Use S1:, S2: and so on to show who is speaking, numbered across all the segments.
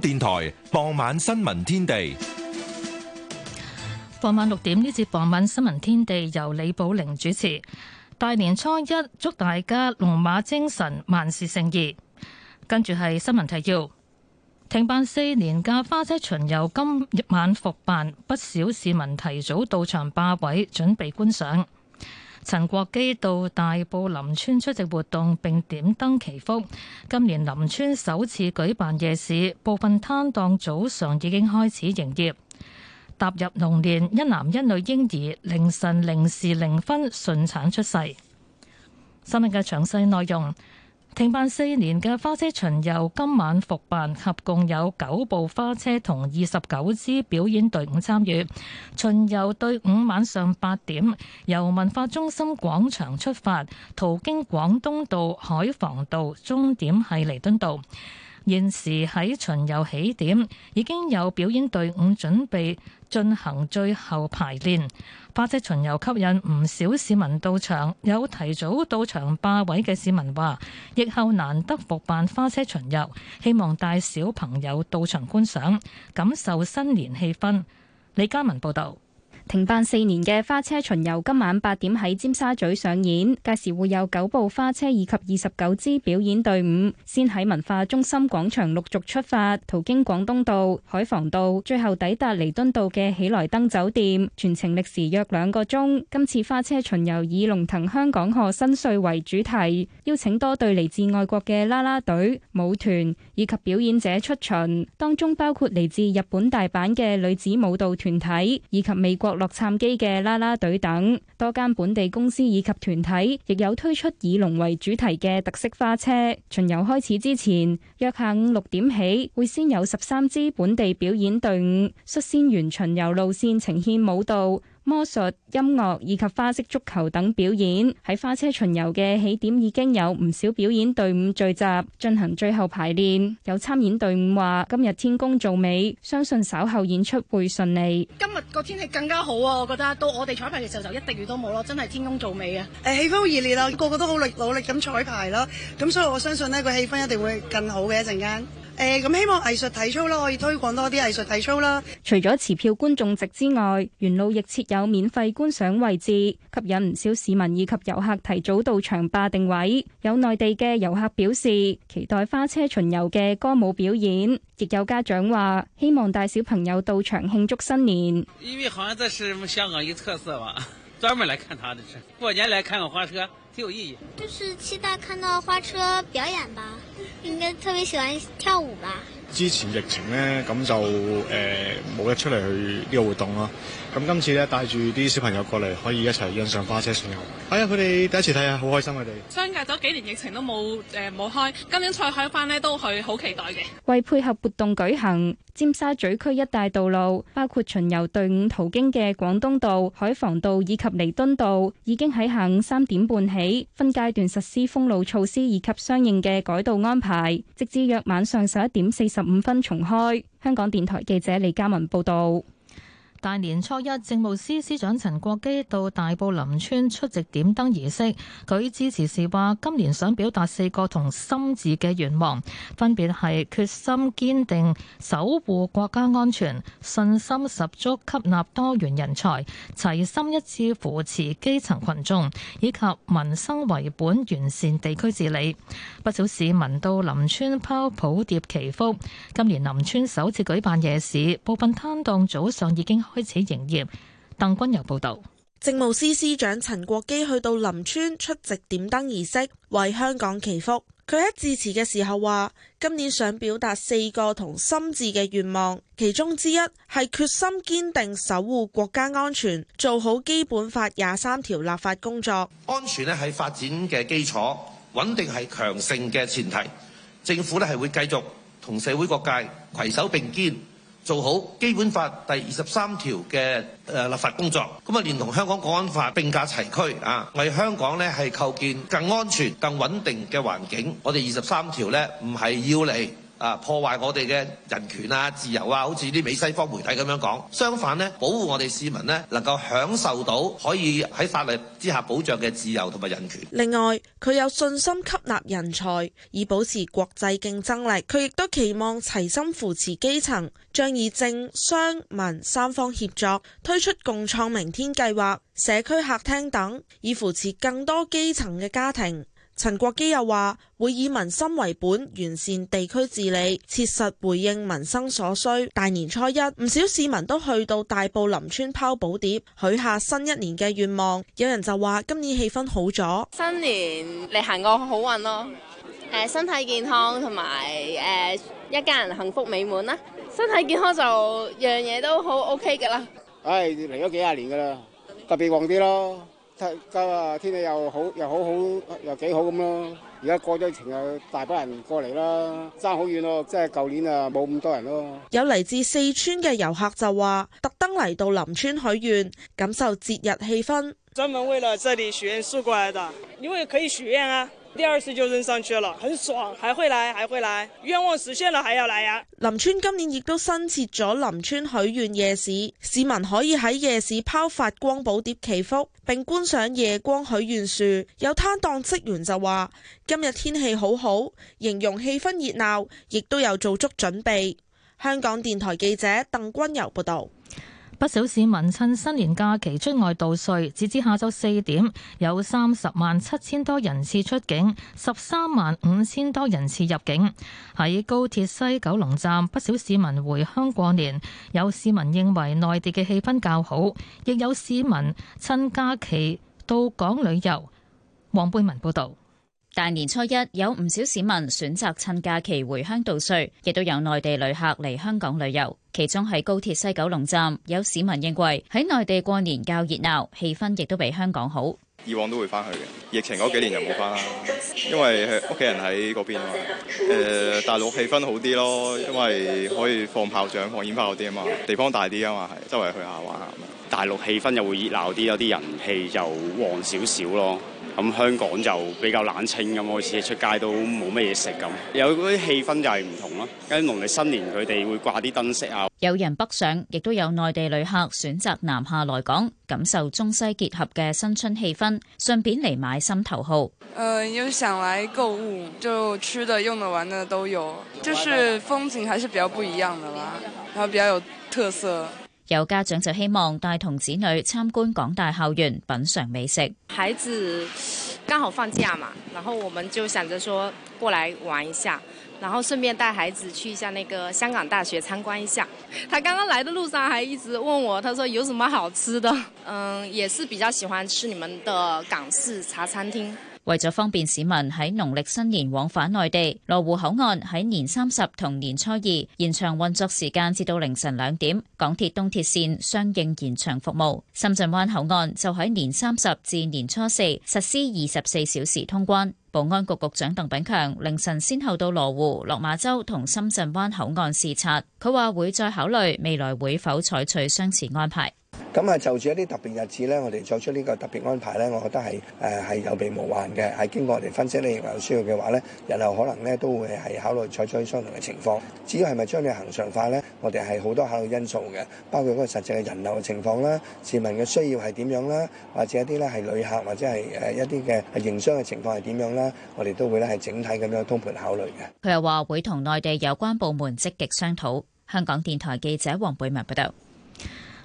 S1: 電台傍晚新聞天地，
S2: 傍晚六點呢節傍晚新聞天地由李寶玲主持。大年初一祝大家龍馬精神，萬事勝意。跟住係新聞提要：停辦四年嘅花車巡遊今晚復辦，不少市民提早到場霸位，準備觀賞。陳國基到大埔林村出席活動，並點燈祈福。今年林村首次舉辦夜市，部分攤檔早上已經開始營業。踏入農年，一男一女嬰兒凌晨零時零分順產出世。新聞嘅詳細內容。停辦四年嘅花車巡遊今晚復辦，合共有九部花車同二十九支表演隊伍參與。巡遊隊伍晚上八點由文化中心廣場出發，途經廣東道、海防道，終點係彌敦道。現時喺巡遊起點已經有表演隊伍準備進行最後排練。花車巡遊吸引唔少市民到場，有提早到場霸位嘅市民話：疫後難得復辦花車巡遊，希望帶小朋友到場觀賞，感受新年氣氛。李嘉文報導。停辦四年嘅花車巡遊今晚八點喺
S3: 尖沙咀上演，屆時會有九部花車以及二十九支表演隊伍，先喺文化中心廣場陸續出發，途經廣東道、海防道，最後抵達彌敦道嘅喜來登酒店，全程歷時約兩個鐘。今次花車巡遊以龍騰香港賀新歲為主題，邀請多對嚟自外國嘅啦啦隊、舞團以及表演者出巡，當中包括嚟自日本大阪嘅女子舞蹈團體以及美國。洛杉磯嘅啦啦隊等多間本地公司以及團體，亦有推出以龍為主題嘅特色花車。巡遊開始之前，約下午六點起會先有十三支本地表演隊伍率先沿巡遊路線呈現舞蹈。魔術、音樂以及花式足球等表演。喺花車巡遊嘅起點已經有唔少表演隊伍聚集進行最後排練。有參演隊伍話今日天公造美，相信稍後演出
S4: 會順利。
S5: 今日個天氣更加好啊！我覺得到我哋彩排嘅時候就一滴雨都冇咯，真係天公造
S4: 美啊！誒，氣氛好熱烈啊，個個都好力努力咁彩排咯。咁所以我相信呢個氣氛一定會更好嘅一陣間。誒咁、嗯、希望藝術體操啦，可以推廣多啲藝術體操啦。除
S3: 咗持票觀眾席之外，沿路亦設有免費觀賞位置，吸引唔少市民以及遊客提早到場霸定位。有內地嘅遊客表示期待花車巡遊嘅歌舞表演，亦有家長話希望帶小朋友到場慶祝新年。
S6: 因為好像這是香港一個特色嘛，專門來看他的，過年來看個花車，挺有意義。
S7: 就是期待看到花車表演吧。應該特別喜歡跳舞吧。
S1: 之前疫情咧，咁就誒冇得出嚟去呢個活動咯。咁今次咧帶住啲小朋友過嚟，可以一齊欣賞花車巡遊。係啊，佢哋第一次睇啊，好開心佢哋。
S5: 相隔咗幾年，疫情都冇誒冇開，今年再開翻咧都係好期待嘅。
S3: 為配合活動舉行，尖沙咀區一帶道路，包括巡遊隊伍途經嘅廣東道、海防道以及彌敦道，已經喺下午三點半起分階段實施封路措施以及相應嘅改道安排，
S2: 直至約晚上十一點四十。十五分重開。香港電台記者李家文報道。大年初一，政務司司長陳國基到大埔林村出席點燈儀式。佢支持時話，今年想表達四個同心字嘅願望，分別係決心堅定、守護國家安全、信心十足、吸納多元人才、齊心一致扶持基層群眾，以及民生為本、完善地區治理。不少市民到林村拋寶牒祈福。今年林村首次舉辦夜市，部分攤檔早上已經開始營業。鄧君由報導，
S8: 政務司司長陳國基去到林村出席點燈儀式，為香港祈福。佢喺致辭嘅時候話，今年想表達四個同心智嘅願望，其中之一係決心堅定，守護國家安全，做好基本法廿三條立法工
S1: 作。安全咧係發展嘅基礎，穩定係強盛嘅前提。政府咧係會繼續同社會各界攜手並肩。做好基本法第二十三條嘅立法工作，咁、嗯、啊連同香港國安法並駕齊驅啊，為香港咧係構建更安全、更穩定嘅環境。我哋二十三條咧唔係要你。啊！破壞我哋嘅人權啊、自由啊，好似啲美西方媒體咁樣講。相反呢，保護我哋市民呢，能夠享受到可以喺法律之下保障嘅自由同埋人權。
S8: 另外，佢有信心吸納人才，以保持國際競爭力。佢亦都期望齊心扶持基層，將以政、商、民三方協作推出共創明天計劃、社區客廳等，以扶持更多基層嘅家庭。陳國基又話會以民心為本，完善地區治理，切實回應民生所需。大年初一，唔少市民都去到大埔林村拋寶牒，許下新一年嘅願望。有人就話今年氣氛好咗，
S3: 新年你行個好運咯。身體健康同埋誒，一家人幸福美滿啦。身體健康就樣嘢都好 OK 㗎喇。
S6: 唉，嚟咗幾廿年噶啦，特別旺啲咯。今日天氣又好，又好好，又幾好咁咯。而家過咗疫情啊，大把人過嚟啦。爭好遠咯，即係舊年啊，冇咁多人咯。
S8: 有嚟自四川嘅遊客就話，特登嚟到林村許願，感受節日氣氛。
S6: 專門為了這裏許
S8: 願樹過來的，因為可以許願啊。第二次就扔上去了，很爽，還會來，還會來，願望實現了還要來啊。林村今年亦都新設咗林村許願夜市，市民可以喺夜市拋發光寶牒祈福，並觀賞夜光許願樹。有攤檔職員就話：今日天氣好好，形容氣氛熱鬧，亦都有做足準備。香港電台記者鄧君柔報道。
S2: 不少市民趁新年假期出外度歲，截至下晝四點，有三十萬七千多人次出境，十三萬五千多人次入境。喺高鐵西九龍站，不少市民回鄉過年，有市民認為內地嘅氣氛較好，亦有市民趁假期到港旅遊，黃貝文報道。
S9: 大年初一有唔少市民選擇趁假期回鄉度歲，亦都有內地旅客嚟香港旅遊。其中喺高鐵西九龍站，有市民認為喺內地過年較熱鬧，氣氛亦都比香港好。
S10: 以往都會翻去嘅，疫情嗰幾年就冇翻啦，因為屋企人喺嗰邊嘛。誒、呃，大陸氣氛好啲咯，因為可以放炮仗、放煙花嗰啲啊嘛，地方大啲啊嘛，係周圍去下玩下。大陸氣氛又會熱鬧啲，有啲人氣就旺少少咯。咁香港就比較冷清咁，好似出街都冇乜嘢食咁，有啲氣氛就係唔同咯。喺農曆新年佢哋會掛啲燈飾啊。
S9: 有人北上，亦都有內地旅客選擇南下來港，感受中西結合嘅新春氣氛，順便嚟買心頭好。
S8: 嗯、呃，有想嚟購物，就吃的、用的、玩的都有，就是風景還是比較不一樣的啦，然後比較有特色。
S9: 有家長就希望帶同子女參觀港大校園，品嘗美食。
S3: 孩子剛好放假嘛，然後我們就想着說過來玩一下，然後順便帶孩子去一下那個香港大學參觀一下。他剛剛來的路上還一直問我，他說有什麼好吃的？嗯，也是比較喜歡吃你們的港式茶餐廳。
S9: 為咗方便市民喺農曆新年往返內地，羅湖口岸喺年三十同年初二延長運作時間至到凌晨兩點，港鐵東鐵綫相應延長服務。深圳灣口岸就喺年三十至年初四實施二十四小時通關。保安局局長鄧炳強凌晨先後到羅湖、落馬洲同深圳灣口岸視察，佢話會再考慮未來會否採取相持安排。
S5: 咁啊，就住一啲特別日子咧，我哋作出呢個特別安排咧，我覺得係誒係有備無患嘅。喺經過我哋分析咧，如果有需要嘅話咧，日後可能咧都會係考慮採取相同嘅情況。至於係咪將你恆常化咧，我哋係好多考慮因素嘅，包括嗰個實際嘅人流嘅情況啦、市民嘅需要係點樣啦，或者一啲咧係旅客或者係誒一啲嘅營商嘅情況係點樣啦，我哋都會咧係整體咁樣通盤考慮嘅。
S2: 佢又
S9: 話會同內地有關部門積極商討。香港電台記者黃貝文報道。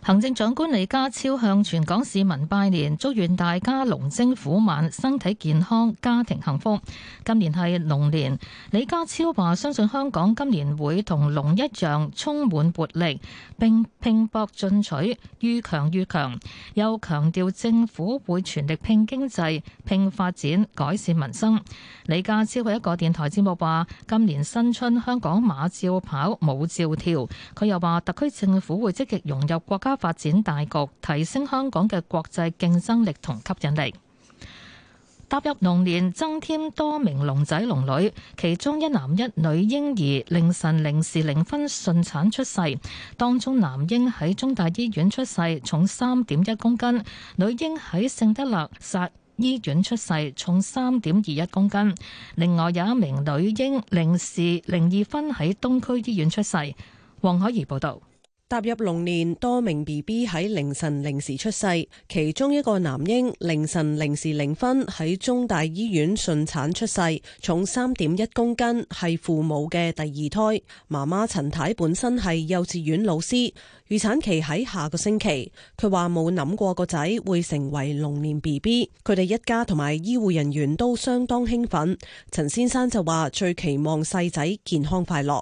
S2: 行政長官李家超向全港市民拜年，祝願大家龍精虎猛、身體健康、家庭幸福。今年係龍年，李家超話相信香港今年會同龍一樣充滿活力，並拼搏進取，愈強愈強。又強調政府會全力拼經濟、拼發展、改善民生。李家超喺一個電台節目話：今年新春香港馬照跑、舞照跳。佢又話特區政府會積極融入國家發展大局，提升香港嘅國際競爭力同吸引力。踏入龍年，增添多名龍仔龍女，其中一男一女嬰兒凌晨零時零分順產出世，當中男嬰喺中大醫院出世，重三點一公斤；女嬰喺聖德肋撒醫院出世，重三點二一公斤。另外有一名女嬰零時零二分喺東區醫院出世。黃海怡報道。踏入龍年，
S5: 多名 BB 喺凌晨零時出世，其中一個男嬰凌晨零時零分喺中大醫院順產出世，重三點一公斤，係父母嘅第二胎。媽媽陳太本身係幼稚園老師，預產期喺下個星期。佢話冇諗過個仔會成為龍年 BB。佢哋一家同埋醫護人員都相當興奮。陳先生就話最期望細仔健康快樂。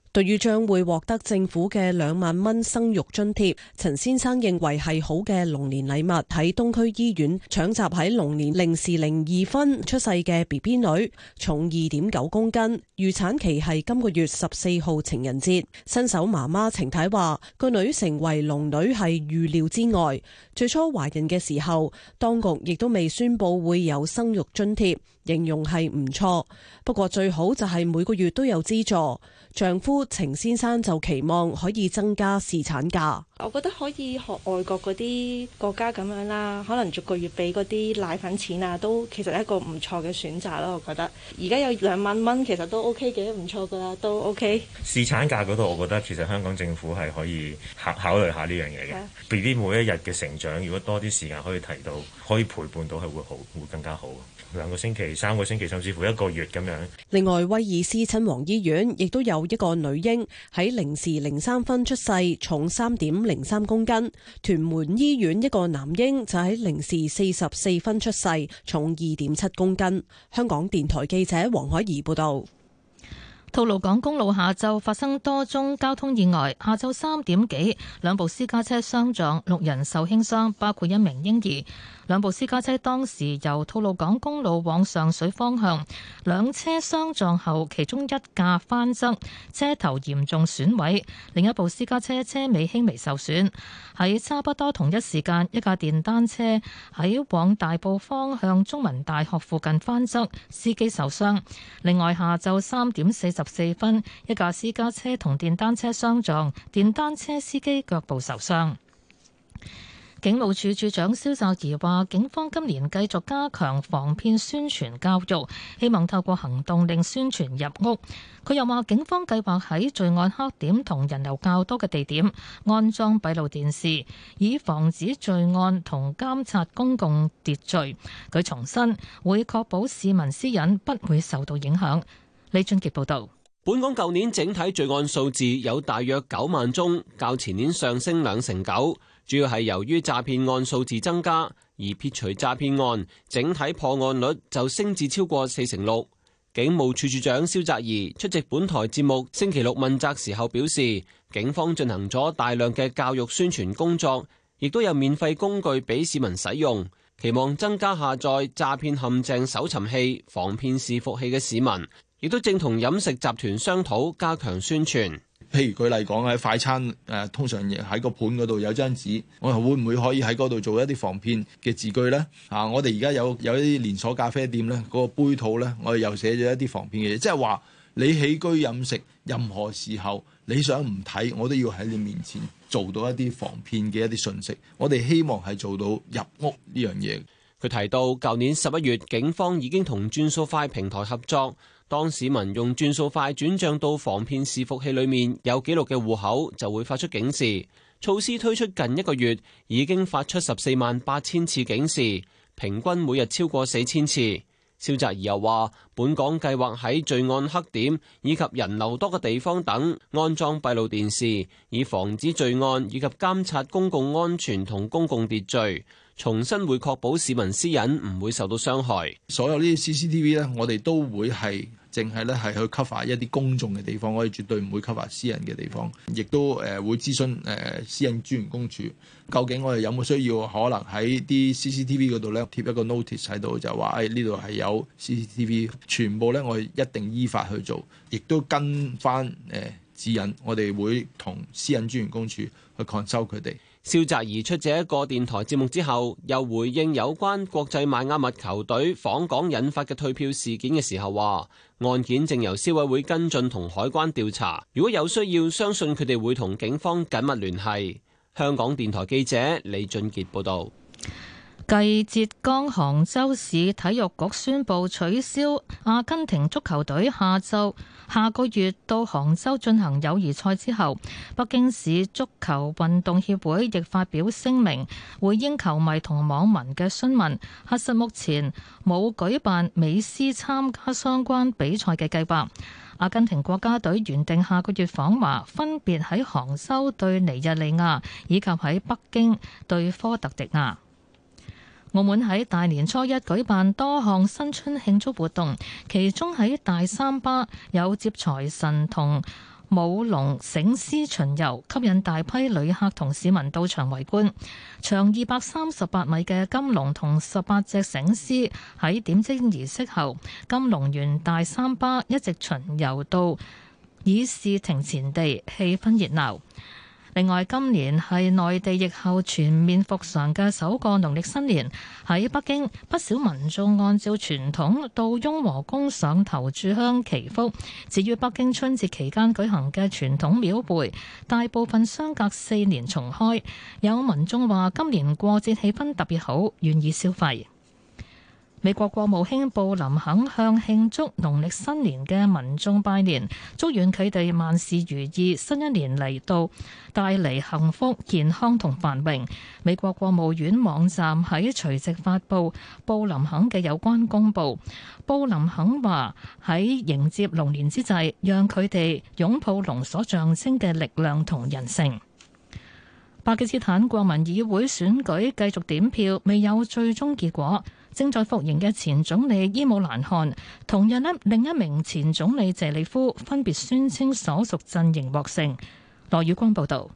S5: 對於將會獲得政府嘅兩萬蚊生育津貼，陳先生認為係好嘅龍年禮物。喺東區醫院搶閘喺龍年零時零二分出世嘅 B B 女，重二點九公斤，預產期係今個月十四號情人節。新手媽媽程太話個女成為龍女係預料之外。最初懷孕嘅時候，當局亦都未宣布會有生育津貼。形容係唔錯，不過最好就係每個月都有資助。丈夫程先生就期望可以增加侍產假。我覺得可以學外國嗰啲國家咁樣啦，可能逐個月俾嗰啲奶粉錢啊，都其實一個唔錯嘅選擇咯。我覺得而家有兩萬蚊，其實都 OK 嘅，唔錯噶啦，都 OK。
S1: 試產價嗰度，我覺得其實香港政府係可以考考慮下呢樣嘢嘅。BB 每一日嘅成長，如果多啲時間可以提到，可以陪伴到係會好，會更加好。兩個星期、三個星期，甚至
S10: 乎一個月咁樣。
S5: 另外，威爾斯親王醫院亦都有一個女嬰喺零時零三分出世，重三點零三公斤，屯門醫院一個男嬰就喺零時四十四分出世，重二點七公斤。香港電
S2: 台記者黃海怡報道。吐露港公路下晝發生多宗交通意外。下晝三點幾，兩部私家車相撞，六人受輕傷，包括一名嬰兒。兩部私家車當時由吐露港公路往上水方向，兩車相撞後，其中一架翻側，車頭嚴重損毀；另一部私家車車尾輕微受損。喺差不多同一時間，一架電單車喺往大埔方向中文大學附近翻側，司機受傷。另外，下晝三點四十。十四分，一架私家車同電單車相撞，電單車司機腳部受傷。警務處處長蕭澤頤話，警方今年繼續加強防騙宣傳教育，希望透過行動令宣傳入屋。佢又話，警方計劃喺罪案黑點同人流較多嘅地點安裝閉路電視，以防止罪案同監察公共秩序。佢重申會確保市民私隱不會受到影響。李俊傑報道，
S6: 本港舊年整體罪案數字有大約九萬宗，較前年上升兩成九。主要係由於詐騙案數字增加，而撇除詐騙案，整體破案率就升至超過四成六。警務處處長蕭澤頤出席本台節目星期六問責時候表示，警方進行咗大量嘅教育宣傳工作，亦都有免費工具俾市民使用，期望增加下載詐騙陷阱搜尋器、防騙視伏器嘅市民。亦都正同飲食集團商討加強宣傳，譬如舉例講喺快餐誒、啊，通常喺個盤嗰度有張紙，我哋會唔會可以喺嗰度做一
S1: 啲防騙嘅字句呢？啊，我哋而家有有一啲連鎖咖啡店呢嗰、那個杯套呢，我哋又寫咗一啲防騙嘅，嘢、就是，即係話你起居飲食，任何時候你想唔睇，我都要喺你面前做到一啲防騙嘅一啲信息。我哋希望係做到
S6: 入屋呢樣嘢。佢提到，舊年十一月，警方已經同轉數快平台合作。當市民用轉數快轉賬到防騙伺服器裏面有記錄嘅戶口，就會發出警示。措施推出近一個月，已經發出十四萬八千次警示，平均每日超過四千次。蕭澤頤又話：本港計劃喺罪案黑點以及人流多嘅地方等安裝閉路電視，以防止罪案以及監察公共安全同公共秩序。重新會確保市民私隱唔會受到傷害。所有呢啲 CCTV 咧，我哋
S1: 都會係。淨係咧係去 cover 一啲公眾嘅地方，我哋絕對唔會 cover 私人嘅地方，亦都誒會諮詢誒私隱專員公署，究竟我哋有冇需要，可能喺啲 CCTV 嗰度咧貼一個 notice 喺度，就話誒呢度係有 CCTV，全部咧我哋一定依法去做，亦都跟翻誒指引，我哋會同私隱專員公署去 consult 佢哋。
S6: 蕭澤怡出席一個電台節目之後，又回應有關國際邁阿密球隊訪港引發嘅退票事件嘅時候，話案件正由消委會跟進同海關調查，如果有需要，相信佢哋會同警方緊密聯繫。香港電台記者李俊杰報道。
S2: 繼浙江杭州市體育局宣布取消阿根廷足球隊下晝下個月到杭州進行友誼賽之後，北京市足球運動協會亦發表聲明回應球迷同網民嘅詢問，核實目前冇舉辦美斯參加相關比賽嘅計劃。阿根廷國家隊原定下個月訪華，分別喺杭州對尼日利亞以及喺北京對科特迪瓦。澳門喺大年初一舉辦多項新春慶祝活動，其中喺大三巴有接財神同舞龍醒獅巡遊，吸引大批旅客同市民到場圍觀。長二百三十八米嘅金龍同十八隻醒獅喺點睛儀式後，金龍沿大三巴一直巡遊到議事亭前地，氣氛熱鬧。另外，今年係內地疫後全面復常嘅首個農曆新年，喺北京不少民眾按照傳統到雍和宮上頭炷香祈福。至於北京春節期間舉行嘅傳統廟會，大部分相隔四年重開。有民眾話：今年過節氣氛特別好，願意消費。美國國務卿布林肯向慶祝農曆新年嘅民眾拜年，祝願佢哋萬事如意，新一年嚟到，帶嚟幸福、健康同繁榮。美國國務院網站喺隨即發布布林肯嘅有關公佈。布林肯話，喺迎接龍年之際，讓佢哋擁抱龍所象徵嘅力量同人性。巴基斯坦國民議會選舉繼續點票，未有最終結果。正在服刑嘅前總理伊姆蘭汗，同日呢另一名前總理謝里夫分別宣稱所屬陣營獲勝。羅宇光報道：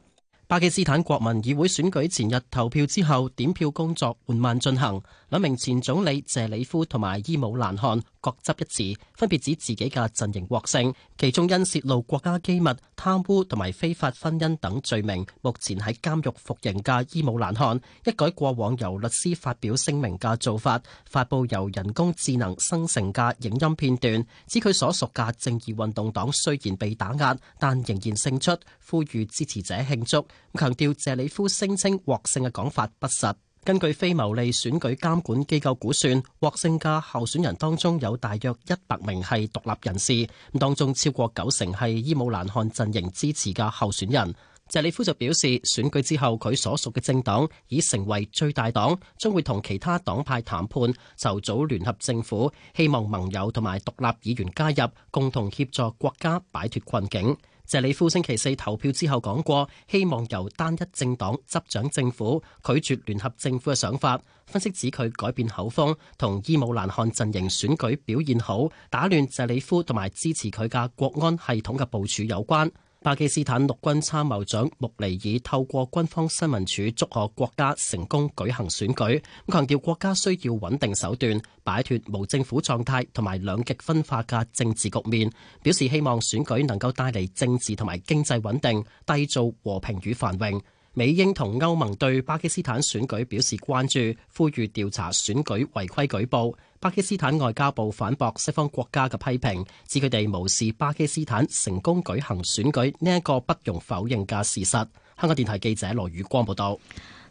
S10: 巴基斯坦國民議會選舉前日投票之後，點票工作緩慢進行。兩名前總理謝里夫同埋伊姆蘭汗。各執一詞，分別指自己嘅陣營獲勝。其中因洩露國家機密、貪污同埋非法婚姻等罪名，目前喺監獄服刑嘅伊姆蘭漢，一改過往由律師發表聲明嘅做法，發佈由人工智能生成嘅影音片段，指佢所屬嘅正義運動黨雖然被打壓，但仍然勝出，呼籲支持者慶祝，強調謝里夫聲稱獲勝嘅講法不實。根據非牟利選舉監管機構估算，獲勝嘅候選人當中有大約一百名係獨立人士，咁當中超過九成係伊姆蘭汗陣營支持嘅候選人。謝利夫就表示，選舉之後佢所屬嘅政黨已成為最大黨，將會同其他黨派談判籌組聯合政府，希望盟友同埋獨立議員加入，共同協助國家擺脫困境。謝里夫星期四投票之後講過，希望由單一政黨執掌政，政府，拒絕聯合政府嘅想法。分析指佢改變口風，同伊姆蘭汗陣營選舉表現好，打亂謝里夫同埋支持佢嘅國安系統嘅部署有關。巴基斯坦陸軍參謀長穆尼爾透過軍方新聞處祝賀國家成功舉行選舉，強調國家需要穩定手段，擺脫無政府狀態同埋兩極分化嘅政治局面，表示希望選舉能夠帶嚟政治同埋經濟穩定，締造和平與繁榮。美英同歐盟對巴基斯坦選舉表示關注，呼籲調查選舉違規舉報。巴基斯坦外交部反駁西方國家嘅批評，指佢哋無視巴基斯坦成功舉行選舉呢一個不容否認嘅事實。香港電台記者羅宇光報道，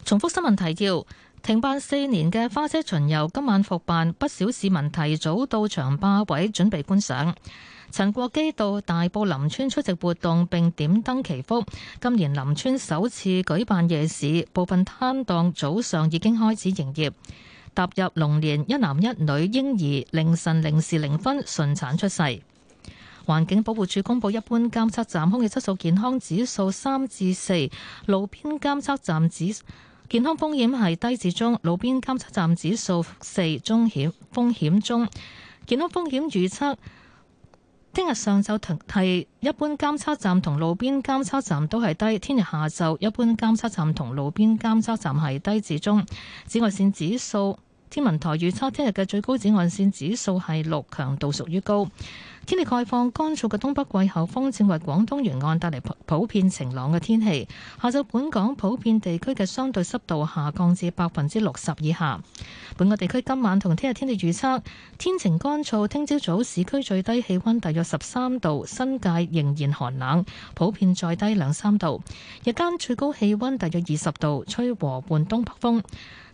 S10: 重複新聞提要：停
S2: 辦四年嘅花車巡遊今晚復辦，不少市民提早到場霸位準備觀賞。陳國基到大埔林村出席活動並點燈祈福。今年林村首次舉辦夜市，部分攤檔早上已經開始營業。踏入龍年一男一女嬰兒凌晨零時零分順產出世。環境保護署公布一般監測站空氣質素健康指數三至四，路邊監測站指健康風險係低至中，路邊監測站指數四，中險風險中，健康風險預測。聽日上晝係一般監測站同路邊監測站都係低。聽日下晝，一般監測站同路邊監測站係低至中。紫外線指數，天文台預測聽日嘅最高紫外線指數係六，強度屬於高。天氣概況，乾燥嘅東北季候風正為廣東沿岸帶嚟普，普遍晴朗嘅天氣。下晝本港普遍地區嘅相對濕度下降至百分之六十以下。本個地區今晚同聽日天氣預測天晴乾燥，聽朝早市區最低氣溫大約十三度，新界仍然寒冷，普遍再低兩三度。日間最高氣溫大約二十度，吹和緩東北風。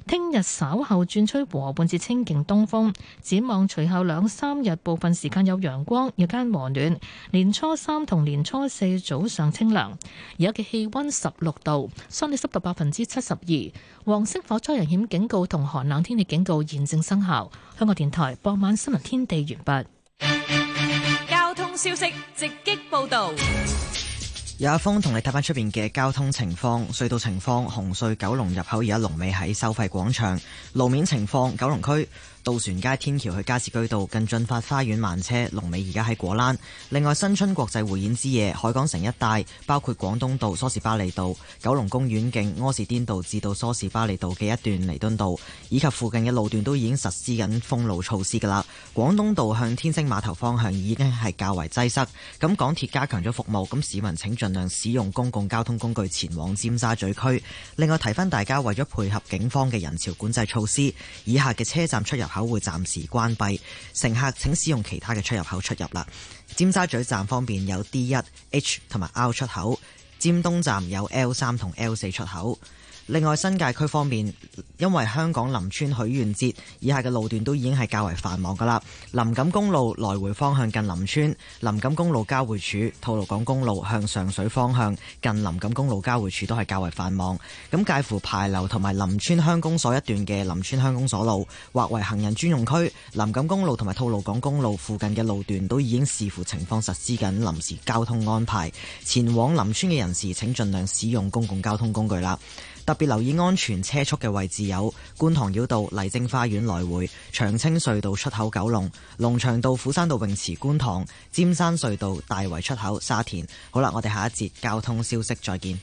S2: 聽日稍後轉吹和緩至清勁東風，展望隨後兩三日，部分時間有陽光，日間和暖。年初三同年初四早上清涼。而家嘅氣溫十六度，相對濕度百分之七十二。黃色火災危險警告同寒冷天氣警告現正生效。香港電台傍晚新聞天地完畢。交通消息直擊報道。
S7: 有阿峰同你睇翻出邊嘅交通情況、隧道情況、紅隧九龍入口而家龍尾喺收費廣場。路面情況，九龍區。渡船街天橋去加士居道，近駿發花園慢車龍尾而家喺果欄。另外，新春國際匯演之夜，海港城一帶，包括廣東道、梳士巴利道、九龍公園徑、柯士甸道至到梳士巴利道嘅一段彌敦道，以及附近嘅路段都已經實施緊封路措施噶啦。廣東道向天星碼頭方向已經係較為擠塞。咁港鐵加強咗服務，咁市民請盡量使用公共交通工具前往尖沙咀區。另外提翻大家，為咗配合警方嘅人潮管制措施，以下嘅車站出入。口會暫時關閉，乘客請使用其他嘅出入口出入啦。尖沙咀站方面有 D 一、H 同埋 L 出口，尖東站有 L 三同 L 四出口。另外，新界區方面，因為香港林村許願節，以下嘅路段都已經係較為繁忙噶啦。林錦公路來回方向近林村，林錦公路交匯處、吐露港公路向上水方向近林錦公路交匯處都係較為繁忙。咁介乎牌樓同埋林村鄉公所一段嘅林村鄉公所路劃為行人專用區。林錦公路同埋吐露港公路附近嘅路段都已經視乎情況實施緊臨時交通安排。前往林村嘅人士請儘量使用公共交通工具啦。特別留意安全車速嘅位置有觀塘繞道麗晶花園來回、長青隧道出口九龍，九龍龍翔道、虎山道泳池、觀塘、尖山隧道大圍出口、沙田。好啦，我哋下一節交通消息再見。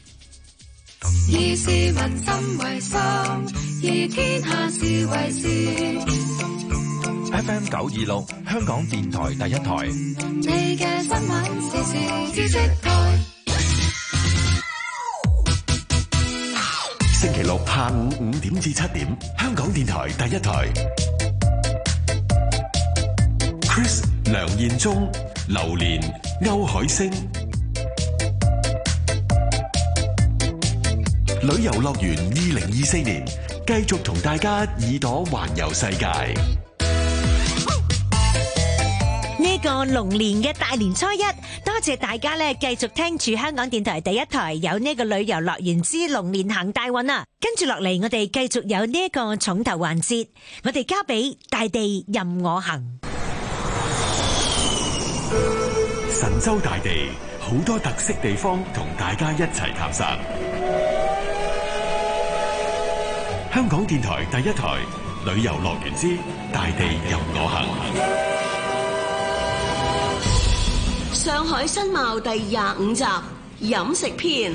S7: 以天下事為事。
S1: F M 九二六香港電台第一台。
S6: 你嘅新聞時時資訊台。
S1: 星期六下午五點至七點，香港電台第一台。Chris、梁彥宗、榴槤、歐海星，旅遊樂園二零二四年繼續同大家耳朵環遊世界。
S4: 呢個龍年嘅大年初一，多謝大家咧繼續聽住香港電台第一台有呢個旅遊樂園之龍年行大運啊！跟住落嚟，我哋繼續有呢一個重頭環節，我哋交俾大地任我行。
S1: 神州大地好多特色地方，同大家一齊探索。香港電台第一台旅遊樂園之大地任我行。
S4: 上海新貌第廿五集：飲食篇。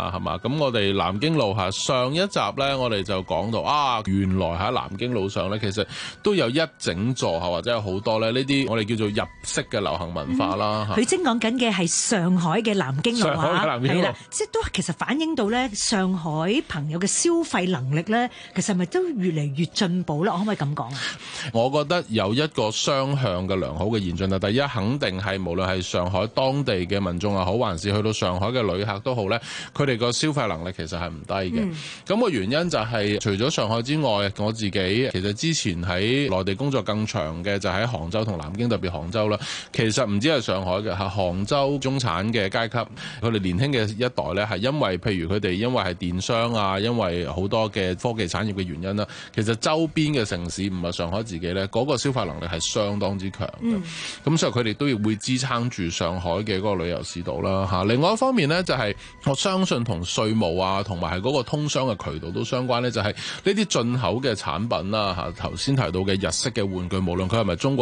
S1: 啊，係嘛？咁我哋南京路吓，上一集咧，我哋就講到啊，原來喺南京路上咧，其實都有一整座吓，或者有好多咧，呢啲我哋叫做入式嘅流行文化啦。吓，佢
S4: 精講緊嘅係上海嘅南京路啊，係啦，即係都其實反映到咧，上海朋友嘅消費能力咧，其實咪都越嚟越進步啦。我可唔可以咁講啊？
S1: 我覺得有一個雙向嘅良好嘅現象啊！第一，肯定係無論係上海當地嘅民眾又好，還是去到上海嘅旅客都好咧，佢哋。佢哋個消費能力其實係唔低嘅，咁、嗯、個原因就係、是、除咗上海之外，我自己其實之前喺內地工作更長嘅就喺、是、杭州同南京，特別杭州啦。其實唔止係上海嘅，係杭州中產嘅階級，佢哋年輕嘅一代呢，係因為譬如佢哋因為係電商啊，因為好多嘅科技產業嘅原因啦，其實周邊嘅城市唔係上海自己呢，嗰、那個消費能力係相當之強嘅。咁、嗯、所以佢哋都要會支撐住上海嘅嗰個旅遊市道啦。嚇、啊，另外一方面呢，就係、是、我相信。同稅務啊，同埋係嗰個通商嘅渠道都相關咧，就係呢啲進口嘅產品啦吓，頭先提到嘅日式嘅玩具，無論佢係咪中